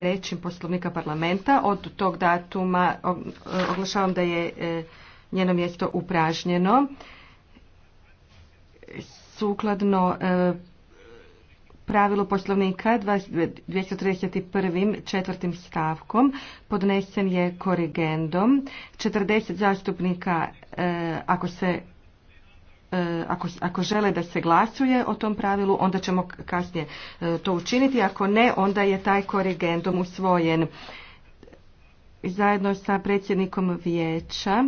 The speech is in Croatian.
rečim poslovnika parlamenta. Od tog datuma eh, oglašavam da je eh, njeno mjesto upražnjeno. Sukladno eh, pravilu poslovnika 231. četvrtim stavkom podnesen je korigendom. 40 zastupnika ako se E, ako, ako žele da se glasuje o tom pravilu, onda ćemo kasnije e, to učiniti. Ako ne, onda je taj korigendum usvojen zajedno sa predsjednikom vijeća